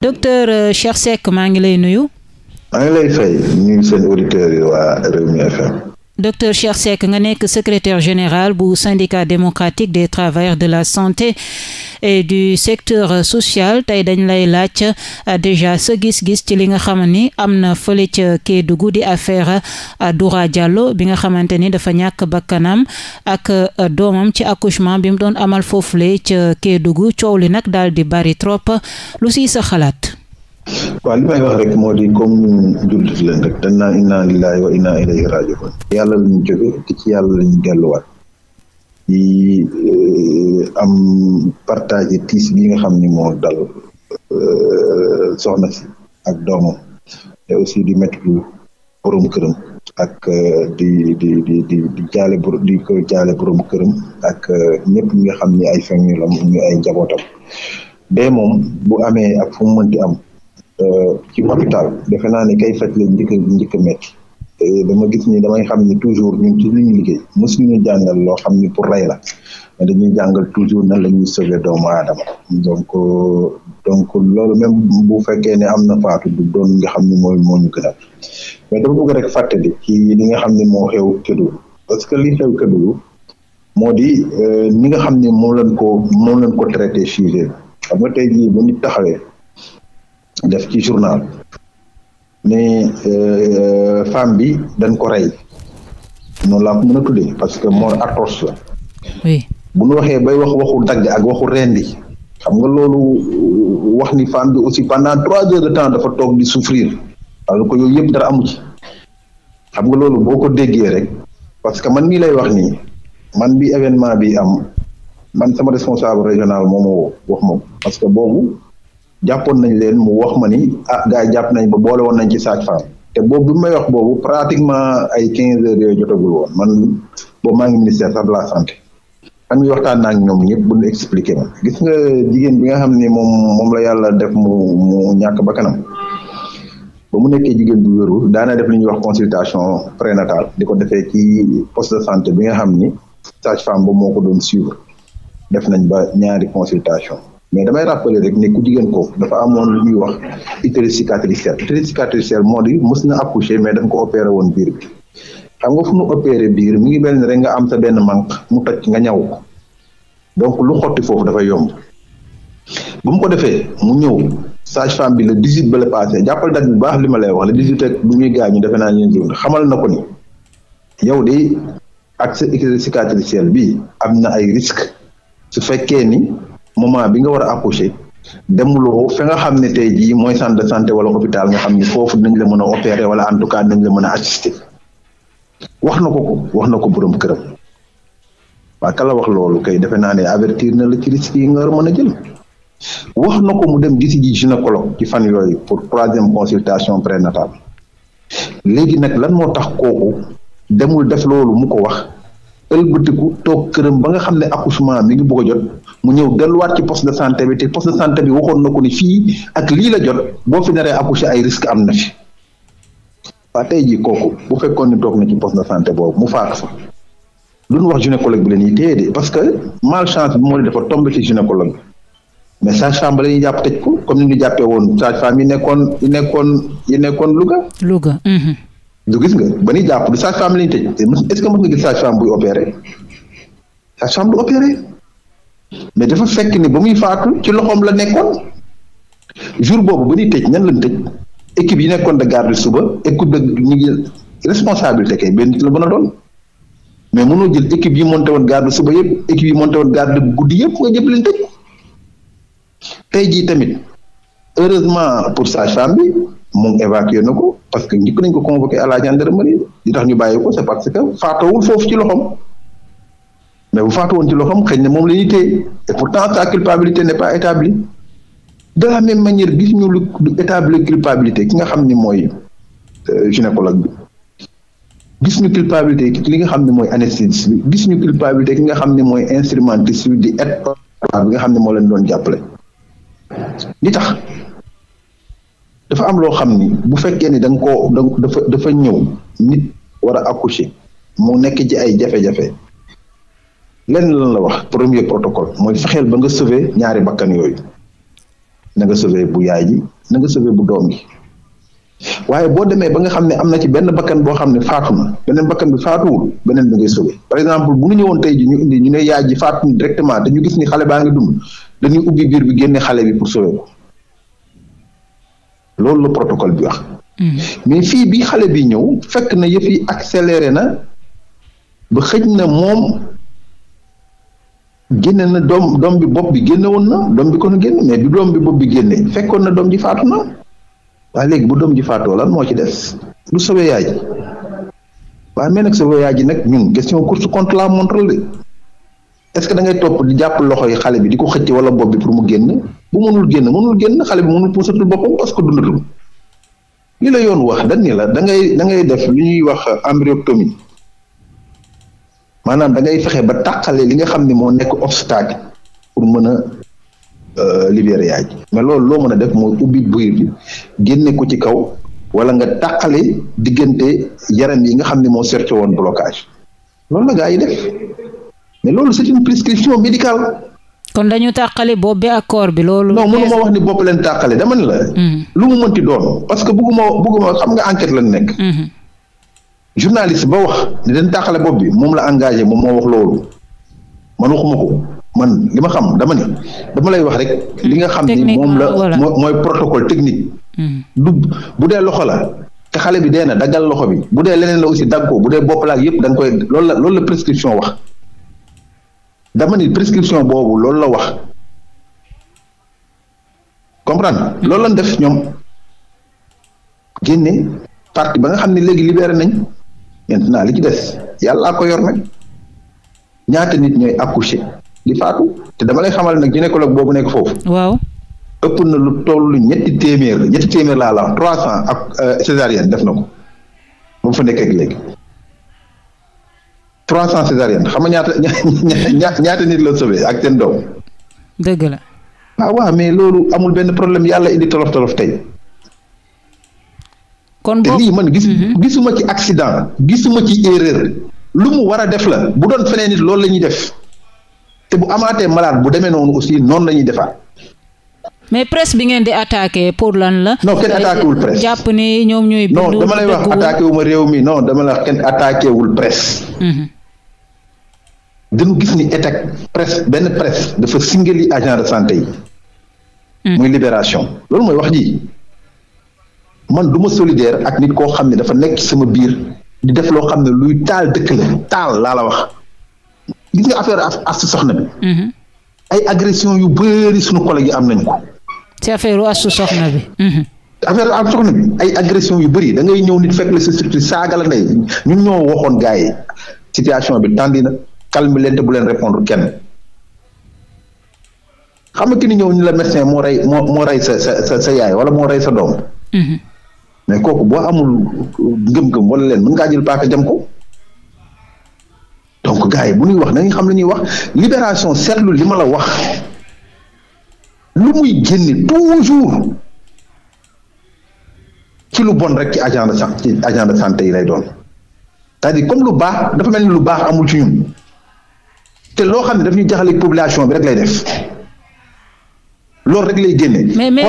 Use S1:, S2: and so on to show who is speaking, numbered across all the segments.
S1: docteur euh, Cheikh Seck maa ngi lay nuyu.
S2: maa ngi lay fay ñu ngi seen auditeurs yi waa Rewmi FM.
S1: docteur Cheikh Seck nga nekk secrétaire général bu syndicat démocratique des travailleurs de la santé et du secteur social tey dañ lay laaj euh, déjà sa gis-gis ci li nga xam ni am na fële ca Kédougou di affaire euh, Doura Diallo bi nga xamante ni dafa ñàkk bakkanam ak euh, doomam ci accouchement bi mu doon amal foofule ca Kédougou coow li nag daal di bari trop lu siy sa xalaat
S2: waa li may wax rek moo di comme jullit leen rek dañ naan inna lillahi wa inna ilayhi rajiun yàlla lañu jóge te ci yàlla lañu yi eh, am partage tiis bi nga xam ni moo dal eh, soxna si ak doomam te aussi di métti lu borom këram ak eh, di di di di jaale di ko këram ak ñëpp ñi nga xam ni ay famille la ñu ay njabootam bee moom bu amee ak fu mu am Euh, ci hôpital defe naa ne kay faj la njëkk njëkk a métti dama gis ni damay xam ni toujours ñun ci liggéey ñu liggéey mosuñu jàngal loo xam ni pour rey la dañuy jàngal toujours na la ñuy sauver doomu aadama donc euh, donc loolu même bu fekkee ne am na faatu du doon nga xam ni mooy moo ñu gënal mais rek fàttali ci li nga xam ni moo xew Kédougou parce que li xew Kédougou moo di euh, ni nga xam ni moo lan ko moom lañ ko traité sujet bi xam nga tey nit taxawee def ci journal ne euh, femme bi dañ ko rey noonu laa ko mën a tuddee parce que mort atroce la. bu ñu waxee bay wax waxu dagg ak waxu reen bi xam nga loolu euh, wax ni femme bi aussi pendant trois heures de temps dafa toog di souffrir alors que yooyu yëpp dara amu ci xam nga loolu boo ko déggee rek parce que man mii lay wax nii man bi événement bi am man sama responsable régional moom moo wax moom parce que boobu. jàppoon nañ leen mu wax ma ni ah gars jàpp nañ ba boole woon nañ ci sage-femme te boobu bi may wax boobu pratiquement ay quinze heures yooyu jotagul woon man boobu maa ngi ministère sax de la santé man mi waxtaan naa ñoom ñëpp bu ñu expliqué ma gis nga jigéen bi nga xam ne moom moom la yàlla def mu ñàkk ba kanam ba mu nekkee jigéen bu wérul daana def li ñuy wax consultation prénatale di ko defee ci poste de santé bi nga xam ni sage-femme ba moo ko doon suivre def nañ ba ñaari consultation mais damay rappeler rek ne ku jigéen ko dafa amoon lu ñuy wax utérus cicatriciel utérus cicatriciel moo di mës na accoucher mais dañ ko opéré woon biir bi xam nga fu ñu opéré biir mi ngi mel ni rek nga am sa benn manque mu toj nga ñaw donc lu xotti foofu dafa yomb bu mu ko defee mu ñëw sage femme bi le 18 ba la passé jàppal date bu baax li ma lay wax le 18 ak bu ñuy gaañu defe naa ñeen jur xamal na ko ni yow de ak sa utérus cicatriciel bi am na ay risque su fekkee ni moment bi nga war a accoucher demuloo fi nga xam ne tey jii mooy centre santé wala hôpital nga xam ni foofu dinañ la mën a opérer wala en tout cas dinañ la mën a wax na ko ko wax na ko borom këram waa kala wax loolu kay defe naa ne avertir na la ci risque yi nga war a mën a jël wax na ko mu dem gisi ji gynécologue ci fan yooyu pour troisième consultation prénatale léegi nag lan moo tax kooku demul def loolu mu ko wax. ëlbatiku toog këram ba nga xam ne accouchement mi ngi bëgg a jot mu ñëw delluwaat ci poste de santé bi te poste de santé bi waxoon na ko ni fii ak lii la jot boo fi naree accouché ay risque am na fi waa tey jii kooku bu fekkoon ni toog na ci poste de santé boobu mu faatu fa lu nu wax gynécologue bi la ñuy téye parce que malchance bi moo di dafa tombé ci gynécologue mais sage-femme ba la ñuy jàpp tëj ko comme ni ñu jàppee woon saa femme yi nekkoon yi nekkoon yi nekkoon Louga. Louga. Mhm. du gis nga ba ni jàpp du sage-femme lañu tëj est-ce que gis sage-femme buy opéré sage-femme du opéré mais dafa fekk ni ba muy faatu ci loxoom la nekkoon jour boobu ba ni tëj ñan lañ tëj équipe yi nekkoon de garde suba équipe de ñu ngi responsabilité kay benn nit la mën doon mais mënoo jël équipe yi monté woon garde suba yëpp équipe yi monté woon garde guddi yëpp nga jëpp lañ tëj tey jii tamit heureusement pour sage-femme bi moom évacué na ko parce que njëkk nañ ko convoqué à la gendarmerie li tax ñu bàyyi ko c'est parce que faatoowul foofu ci loxom mais bu faatowoon ci loxoom xëy ne moom la ñuy téye et pourtant sa culpabilité n'est pas établie de la même gis ñu lu lu établir culpabilité ki nga xam ni mooy euh, gynécologue bi gis ñu culpabilité ki li nga xam ne mooy anesthésiste bi gis ñu culpabilité nga xam ne mooy instrumentiste bi di aide bi nga xam ne moo leen doon jàppale li tax. dafa am loo xam ni bu fekkee ni da ko koo dafa dafa ñëw nit war a accoucher mu nekk ci ay jafe-jafe lenn lan la wax premier protocole mooy fexeel ba nga sauver ñaari bakkan yooyu na nga sauver bu yaay ji na nga sauver bu doom ji waaye boo demee ba nga xam ne am na ci benn bakkan boo xam ne faatu na beneen bakkan bi faatuwul beneen bi ngay sauver par exemple bu ñu ñëwoon tey ñu indi ñu ne yaay ji faatu directement te ñu gis ni xale baa ngi dund dañuy ubbi biir bi génnee xale bi pour sauver ko loolu la protocole bi wax. mais fii bi xale bi ñëw fekk na yëpp yi selere na ba xëj na moom génne na doom doom bi bopp bi génne woon na doom bi kon génn mais bi doom bi bopp bi génne fekkoon na doom ji faatu na waaye léegi bu doom ji faatoo lan moo ci des du soobee yaay ji waaye mais nag soobee yaay ji nag ñun question course contre la montre la. est que da ngay topp di jàpp loxo yi xale bi di ko xëcc wala bopp bi pour mu génn bu mënul génn mënul génn xale bi mënul puusatul boppam parce que dundatul li la yoon wax da ni la da ngay da def li ñuy wax embryectomie maanaam da ngay fexe ba tàqale li nga xam ni moo nekk obstacle pour mën a euh, libérer yaay mais loolu loo mën a def mooy ubbi buir bi génne ko ci kaw wala nga tàqale diggante yaram yi nga xam ne moo seerté woon blocage
S1: loolu la gaa yi def mais loolu c'est une prescription médicale. kon dañu tàqale bopp bi ak corps bi loolu. non mënuma wax ni bopp leen tàqale dama ne la. Hmm.
S2: lu mu mënti doon parce que bugguma bugguma xam nga enquête lañ nekk. Hmm. journaliste ba wax ni dañ tàqale bopp bi moom la engagé moom moo wax loolu man waxuma ko man li ma xam dama ni dama lay wax rek. li nga xam ni hmm. moom la mooy protocole technique. du bu dee loxo la te xale bi dee na daggal loxo bi bu dee leneen la aussi dagg ko bu dee bopp yëpp loolu la loolu la prescription wax. dama ni prescription boobu loolu la wax comprendre loolu lañ def ñoom génne parti ba nga xam ne léegi libéré nañ maintenant li ci des yàlla ko yor nag ñaata nit ñooy accoucher di faatu te dama lay xamal nag gynécologue boobu nekk foofu. waaw ëpp na lu toll ñetti téeméer ñetti téeméer laa la wax trois cent ak euh, césarienne def na ko ba mu léegi. trois cent césarienne xam nga ñaata ñaata ñaata nit la sauvé ak seen doom. dëgg la. ah waaw mais loolu amul benn problème yàlla indi tolof tolof tey. kon te lii man gis mhm. gisuma ci accident gisuma ci erreur lu mu war a def la bu doon feneen nit loolu la ñuy def te bu amaatee malaat bu demee noonu aussi noonu la ñuy defaat.
S1: mais presse bi ngeen di attaqué pour lan la. non kenn attaqué wul ni ñoom ñooy. bindu dama lay wax attaqué
S2: wu ma réew mi non dama la attaqué wul presse.
S1: Mhm. dañu gis ni ETAC
S2: presse benn presse dafa singali agent de santé yi. Hmm. muy libération loolu mooy wax ji man du ma solidaire ak nit koo xam ne dafa nekk sama biir di def loo xam ne luy taal dëkk la taal laa la wax gis nga affaire astu soxna hmm. ay agression yu bëri suñu collègue yi am nañ ko.
S1: ci affaire astu soxna bi.
S2: Hmm. affaire astu soxna bi ay agression yu bëri da ngay ñëw nit fekk la sa saaga la ndey ñun ñoo waxoon gars yi situation bi tàndi na. calme leen te bu leen répondre kenn xam nga ki ni ñëw ñu la médecin moo rey moo moo rey sa sa sa yaay wala moo rey sa doom. Mm-hmm. mais kooku boo amul ngëm-ngëm wala leen mën ngaa jël paaka jam ko. donc gars yi bu ñuy wax nañu xam la ñuy wax libération seetlu li ma la wax lu muy génne toujours ci lu bon rek ci agent de santé ci agent de santé yi lay doon cest à comme lu baax dafa mel ni lu baax amul ci ñun. te loo xam ne daf ñu jaxale population bi rek lay def loolu rek lay génne. mais mais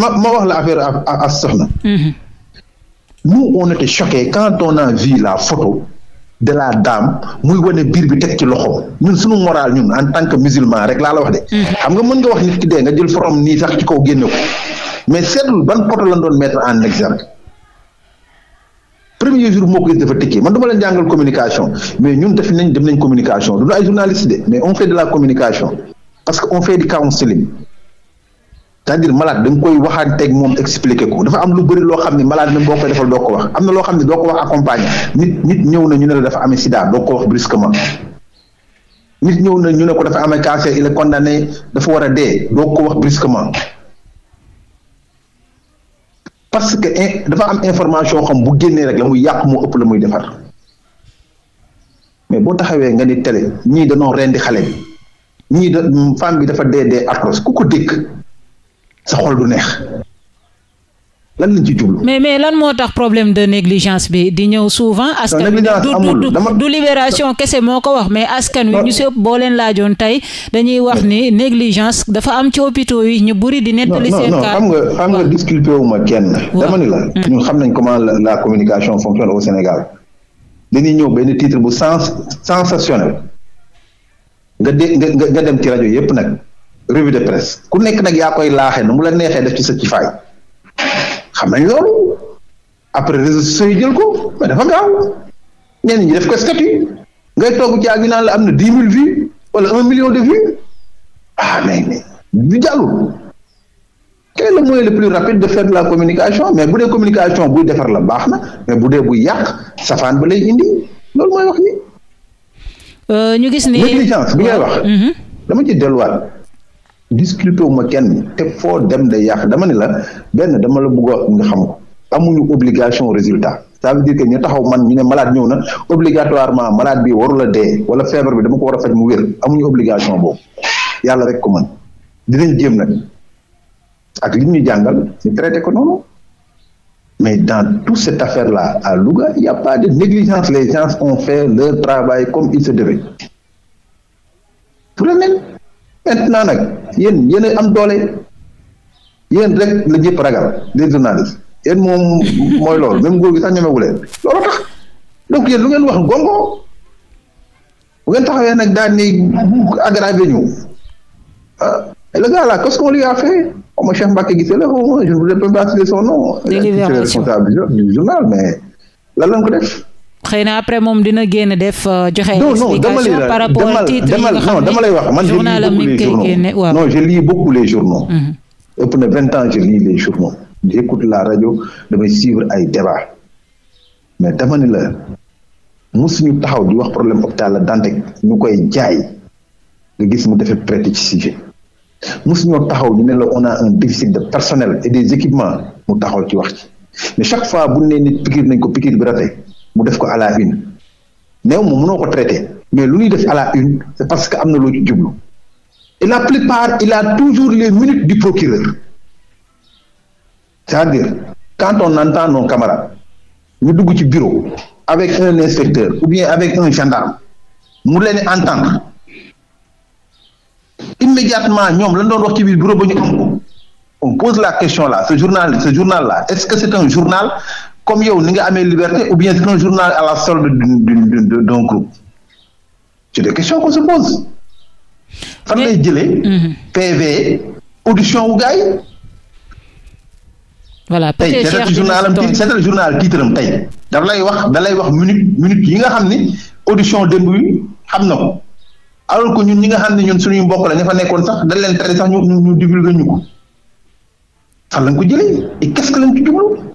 S2: ma ma wax la affaire a soxna. Mm-hmm. nous on était choqués quand on a vu la photo. de la dame muy wane biir bi teg ci loxo ñun suñu moral ñun en tant que musulman rek laa wax de. Mm-hmm. xam nga mën nga wax nit ki dee nga jël forom nii sax ci kaw génne ko mais seetul ban photo lañ doon mettre en exergue premier jour moo ko dafa tëkkee man du ma leen jàngal communication mais ñun def nañ dem nañ communication du ay journaliste de mais on fait de la communication parce que on fait du counseling c'est-à-dire malade moom expliquer ko dafa am lu bëri loo xam ne malade même boo koy defal doo ko wax am na loo xam ne doo ko wax accompagné nit ñëw na ñu ne la dafa amee sida doo ko wax brusquement nit ñëw na ñu ne ko dafa amee cancer il est condamné dafa war a dee doo ko wax brusquement parce que dafa am information xam bu génnee rek la muy yàq moo ëpp la muy defar mais boo taxawee nga ni télé ñii dañoo rendi xale ñii da femme bi dafa dee dee atroce ku ko dégg sa xol du neex
S1: lan lañ ci jublu. mais mais lan moo tax problème de négligence bi di ñëw souvent. askan wi du du libération kese moo ko wax mais askan wi ñu si ëpp boo leen laajoon tey dañuy wax ni négligence dafa am ci hôpitaux yi ñu buri di nettali seen cas.
S2: non xam nga xam nga disculpé wu ma kenn. la. Hmm. xam nañ comment la communication fonctionne au Sénégal dañuy ñëw benn titre bu sens sensationnel nga de nga dem ci rajo yëpp nag revue de presse ku nekk nag yaa koy laaxee nu mu la neexee def ci sa ci faay. xam nañ loolu après réseaux jël ko mais dafa gaaw ñi def ko statut ngay toog jaag ñu naan la am na dix mille vues wala un million de vues ah mais mais du jàllul quel est le le plus rapide de faire la communication mais bu dee communication buy defar la baax na mais bu dee buy yàq safaan ba lay indi loolu
S1: mooy wax ni. Euh, ñu gis ni négligence bi wax.
S2: Mhm. dama ci delluwaat. disculpé wu ma kenn te foo dem day yàq dama ne la benn dama la bëgg nga xam ko amuñu obligation résultat ça veut dire que ñu taxaw man ñu ne malade ñëw na obligatoirement malade bi warul a dee wala feebar bi dama ko war a faj mu wér amuñu obligation boobu yàlla rek ko mën dinañ jéem nag ak li ñu jàngal ñu traité ko noonu mais dans tout cette affaire la à Louga il y a de négligence les gens ont fait leur travail comme il se devait. maintenant nag yéen yéen am doole yéen rek la ñëpp ragal les journalistes yéen moom mooy loolu même nguur gi sax ñemewu leen loolu tax donc yéen lu ngeen wax gongo bu ngeen taxawee nag daal ni aggravé ñu ah le gars là qu'est-ce qu'on oh, la je ne voudrais pas citer son nom. délibération responsable du journal mais lan
S1: lañ xëy na après moom dina génn def euh, joxe. explication par rapport ak titre yi dama lay wax man
S2: je lis beaucoup les journaux. Mhm. ëpp na vingt ans je lis la rajo damay suivre ay débat mais dama ne la musuñu taxaw di wax problème hôpital la Dantec ñu koy jaay nga gis mu defee prêté ci sujet musuñoo taxaw ñu ne la on a un déficit de personnel et des équipements mu taxaw ci wax ci mais chaque fois bu ne nit piqûre nañ ko piqûre bi raté. mu def ko à la une néew moom mënoo ko traité mais lu ñuy def à la une c'est parce que am na loo jublu et la plupart il a toujours les minutes du procureur c'est-à-dire quand on entend nos camarades ñu dugg ci bureau avec un inspecteur ou bien avec un gendarme mu leen entendre immédiatement ñoom lañ doon wax ci biir bureau ba ñu am ko on pose la question là ce journal ce journal là est-ce que c'est un journal comme yow ni nga amee liberté ou bien c'est un journal à la solde d'un groupe c'est des questions qu'on se pose fan lay jëlee mhm. PV audition wu gars yi
S1: voilà tey seetal journal am titre seetal journal titre am tey
S2: daf lay wax da lay wax minute minute yi nga xam ni audition démb yi xam na ko alors que ñun ñi nga xam ne ñun suñuy mbokk la ña fa nekkoon sax dañ leen tere sax ñu ñu divulgué ñu ko fan lañ ko jëlee et qu'est-ce que lañ ci jublu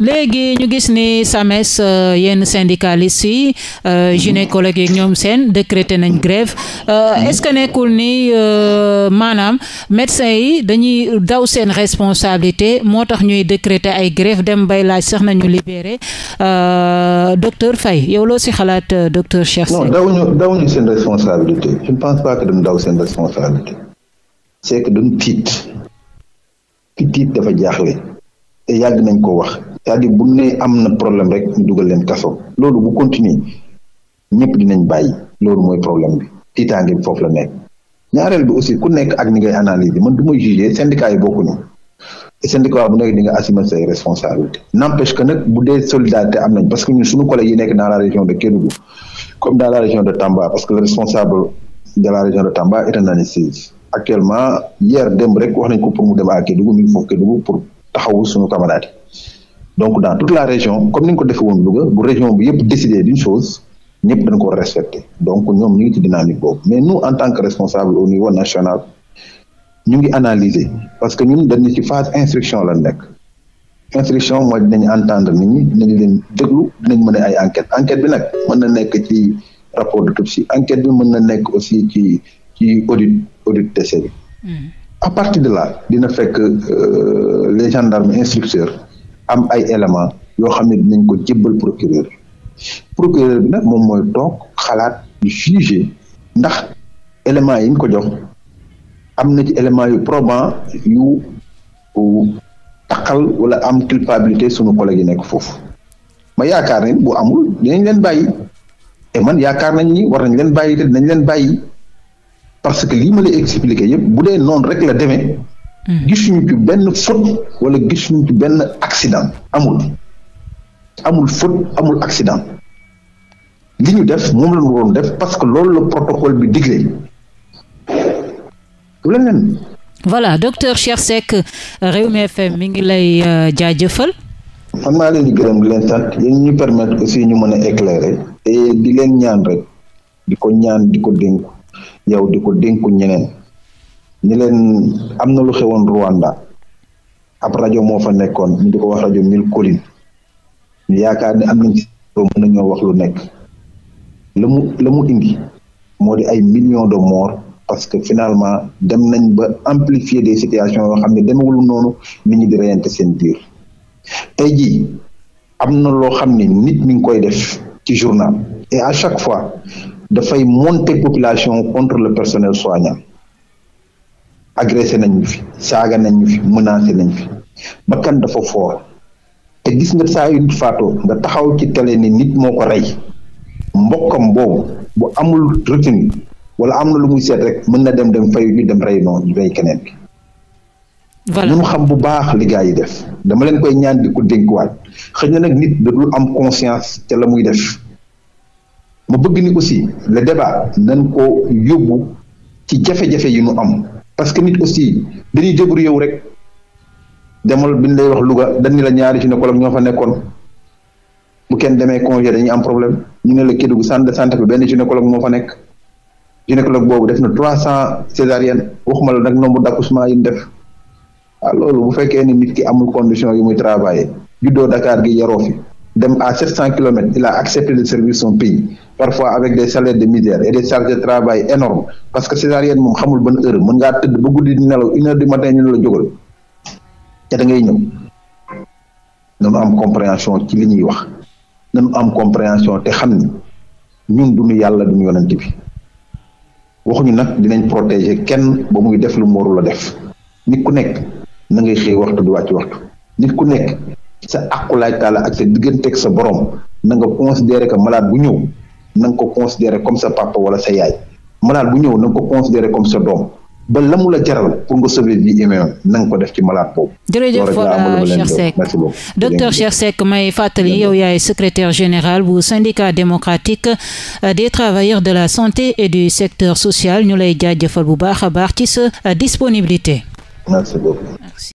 S1: léegi ñu gis ni SAMES euh, yenn syndicalistes yi euh, gynécologues yeeg ñoom seen décrété nañ grève euh, mhm. ce que nekkul ni euh, maanaam médecins yi dañuy daw seen responsabilité moo tax ñuy décrété ay grève dem bay laaj sax nañu libéré euh, docteur Faye yow loo si xalaat euh, docteur Cheikh Sène.
S2: non dawuñu seen responsabilité je ne pense pas que dañu daw seen responsabilité c'est que dañu tiit tiit dafa jaaxle. et nañ ko wax cest à bu ne am na problème rek ñu dugal leen kaso loolu bu continuer ñëpp dinañ bàyyi loolu mooy problème bi tiitaange bi foofu la nekk ñaareel bi aussi ku nekk ak ni ngay analyser du ma juger syndicat yi bokkuñu syndicat bu nekk di nga assumer say responsabilités n'empêche que nag bu dee solidarité am nañ parce que ñun suñu collègue yi nekk dans la région de Kédougou comme dans la région de Tamba parce que le responsable de la région de Tamba est un anesthésiste actuellement hier démb rek wax nañ ko pour mu dem a Kédougou mi ngi foofu taxawu suñu camarades donc daa toute la région comme ni ñu ko defee woon Louga bu région bi yëpp décider d'une chose ñëpp dañ ko war donc ñoom ñu ngi ci ni boobu mais nu en tant que responsable au niveau national ñu ngi analyser parce que ñun dañu ci phase instruction la nekk instruction mooy dinañ entendre nit ñi dinañ leen déglu dinañ mën ne ay enquête enquête bi nag mën na nekk ci rapport d'autopsie enquête bi mën na nekk aussi ci ci audit audit à partir de là dina fekk euh, les gendarmes instructeurs am ay éléments yoo xam ne dinañ ko jébbal procureur procureur bi nag moom mooy toog xalaat juger ndax éléments yiñ ko jox am na ci éléments yu probants yu taqal wala am culpabilité sunu collègue yi nekk foofu ma yaakaar ne bo amul dinañ leen bàyyi et man yaakaar nañ ni war nañ leen bàyyi te dinañ leen bàyyi parce que lii ma lay expliqué yëpp bu dee noonu rek la demee. Hmm. gisuñu ci benn faute wala gisuñu ci benn accident amul. amul faute amul accident li ñu def moom la ñu waroon def parce que loolu la protocole bi digle leneen.
S1: voilà docteur Cheikh Seck Rewmi FM mi ngi lay euh, jaajëfal.
S2: ma maa leen di gërëm di leen sant yéen ñu permettre aussi ñu mën a éclairer. et di leen ñaan rek di ko ñaan di ko dénku. yow di ko dénku ñeneen ñi leen am na lu xewoon Rwanda ab rajo moo fa nekkoon ñu di ko wax rajo Mille Collines ñu yaakaar ne am nañ ci mën nañoo wax lu nekk la mu la mu indi moo di ay millions de morts parce que finalement dem nañ ba amplifier des situation yoo xam ne demewul noonu nit ñi di reyante seen biir tey jii am na loo xam ne nit mi ngi koy def ci journal et à chaque fois dafay monter population contre le personnel soignant agressé nañ ñu fi saaga nañ ñu fi menacé nañ fi bakkan dafa foor te gis nga saa yu nit faatoo nga taxaw ci tele ni nit moo ko rey mbokkam boobu bu amul retenu wala am na lu muy seet rek mën na dem dem fayu ñu dem rey noonu rey keneen bi voilà xam bu baax li yi def dama leen koy ñaan di ko dénkuwaat xëy na nag nit da dul am conscience te la muy def ma bëgg ni aussi le débat nañ ko yóbbu ci jafe-jafe yi nu am parce que nit aussi dañuy débrouillé yow rek demal bi ñu wax Louga dañ ni la ñaari gynécologue ñoo fa nekkoon bu kenn demee congé dañuy am problème ñu ne la Kédougou centre de santé bi benn gynécologue moo fa nekk gynécologue boobu def na trois cent césarienne waxuma la nag nombre d'accouchement yi def waaw loolu bu fekkee ni nit ki amul condition yu muy travailler juddoo Dakar gi yaroo dem à 700 kilomètres il a accepté de servir son pays parfois avec des salaires de misère et des charges de travail énormes parce que césarienne moom xamul ban heure mën ngaa tëdd ba guddi di nelaw une heure du matin ñu ne la jógal te da ngay ñëw nañu am compréhension ci li ñuy wax nañu am compréhension te xam ni ñun duñu yàlla duñu yonent bi waxuñu nag dinañ protéger kenn ba muy def lu mu warul a def nit ku nekk na ngay xëy waxtu du wàcc waxtu nit ku nekk sa àqulaay taala ak sa digganteeg sa borom na nga considéré que malade bu ñëw na nga ko considéré comme sa papa wala sa yaay malade bu ñëw na nga ko considéré comme sa doom ba la mu la jaral pour nga sauver vie humaine na ko def ci malade boobu.
S1: jërëjëf Cheikh Seck docteur Cheikh Seck may fàttali yow yaay secrétaire général bu syndicat démocratique euh, des travailleurs de la santé et du secteur social ñu lay jaajëfal bu baax a baax ci sa euh, disponibilité.